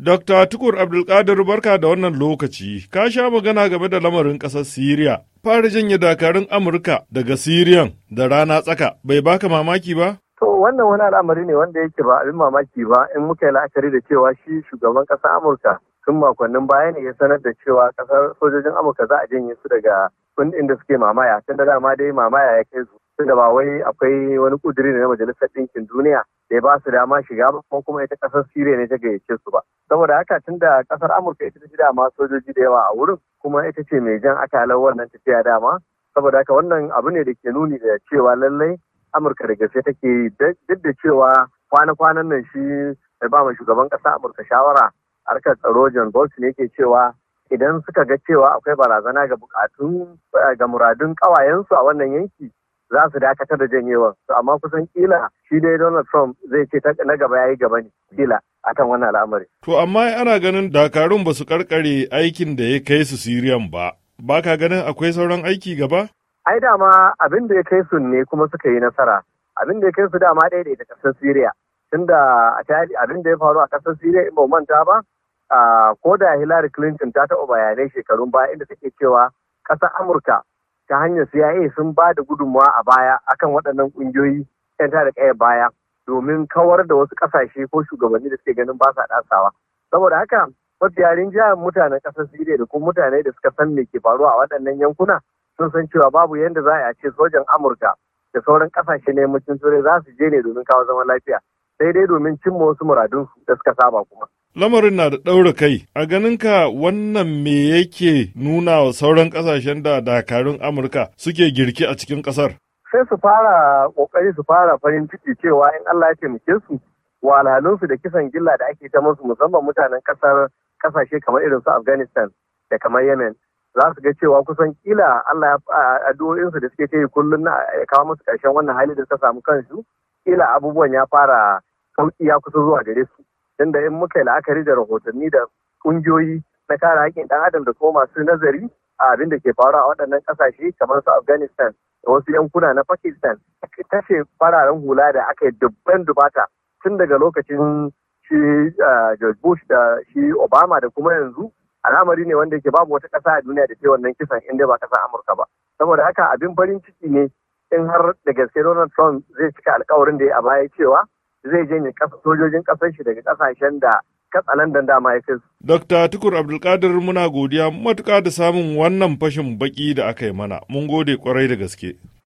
Dokta Tukur Abdulkadir barka da wannan lokaci, ka sha magana game da lamarin ƙasar Siriya. Fara janye dakarun Amurka daga Siriyan da rana tsaka bai baka mamaki ba? To wannan wani al'amari ne wanda yake ba abin mamaki ba in muka yi la'akari da cewa shi shugaban ƙasar Amurka tun makonnin baya ne ya sanar da cewa ƙasar sojojin Amurka za a janye su daga kundin da suke mamaya tun da dama dai mamaya ya kai su tunda ba wai akwai wani ƙudiri ne na majalisar ɗinkin duniya bai ba su dama shiga ba ko kuma ita kasar Siriya ne ta gayyace su ba saboda haka tun da kasar Amurka ita ta ji dama sojoji da yawa a wurin kuma ita ce mai jan akalar wannan tafiya dama saboda haka wannan abu ne da ke nuni da cewa lallai Amurka da gaske take yi duk da cewa kwana-kwanan nan shi mai ba shugaban kasa Amurka shawara harkar tsaro John ne yake cewa idan suka ga cewa akwai barazana ga bukatun ga muradun kawayensu a wannan yanki za su dakatar da janyewan amma kusan kila shi dai Donald Trump zai ce na gaba ya yi gaba ne kila kan wannan al'amari. To amma ana ganin dakarun ba su karkare aikin da ya kai su Siriyan ba. Ba ka ganin akwai sauran aiki gaba? Ai dama abin da ya kai su ne kuma suka yi nasara. Abin da ya kai su dama ɗaya da ita ƙasar Siriya. Tunda abin da ya faru a ƙasar Siriya in ba manta ba, ko da Hillary Clinton ta taɓa bayanai shekarun baya inda take cewa ƙasar Amurka ta hanyar CIA sun ba da gudunmawa a baya akan waɗannan ƙungiyoyi 'yan tada ƙaya baya domin kawar da wasu ƙasashe ko shugabanni da suke ganin ba sa ɗasawa. Saboda haka mafiya jihar mutanen ƙasar Sidiya da kuma mutane da suka san me ke faruwa a waɗannan yankuna sun san cewa babu yadda za a ce sojan Amurka da sauran ƙasashe na yammacin Turai za su je ne domin kawo zaman lafiya sai dai domin cimma wasu muradunsu da suka saba kuma. Lamarin na da ɗaura kai, a ganin ka wannan me yake nuna wa sauran ƙasashen da dakarun Amurka suke girki a cikin ƙasar? Sai su fara ƙoƙari su fara farin ciki cewa in Allah ya taimake su wahalhalunsu da kisan gilla da ake ta musu musamman mutanen ƙasar ƙasashe kamar irin su Afghanistan da kamar Yemen. Za su ga cewa kusan kila Allah ya su da suke ta yi kullum na kawo musu ƙarshen wannan hali da suka samu kansu, kila abubuwan ya fara sauƙi ya kusa zuwa gare su. tunda in muka yi la'akari da rahotanni da kungiyoyi na kare haƙƙin ɗan adam da kuma masu nazari a abin da ke faruwa a waɗannan ƙasashe kamar su afghanistan da wasu yankuna na pakistan tashe fararen hula da aka yi dubban dubata tun daga lokacin shi george bush da shi obama da kuma yanzu al'amari ne wanda yake babu wata ƙasa a duniya da ke wannan kisan inda ba ƙasar amurka ba saboda haka abin farin ciki ne in har da gaske donald trump zai cika alkawarin da ya a baya cewa zai janye sojojin ƙasar shi daga ƙasashen da katsalandan dama ya kai Dr. Tukur Abdulkadir muna godiya matuƙa da samun wannan fashin baki da aka yi mana. Mun gode kwarai da gaske.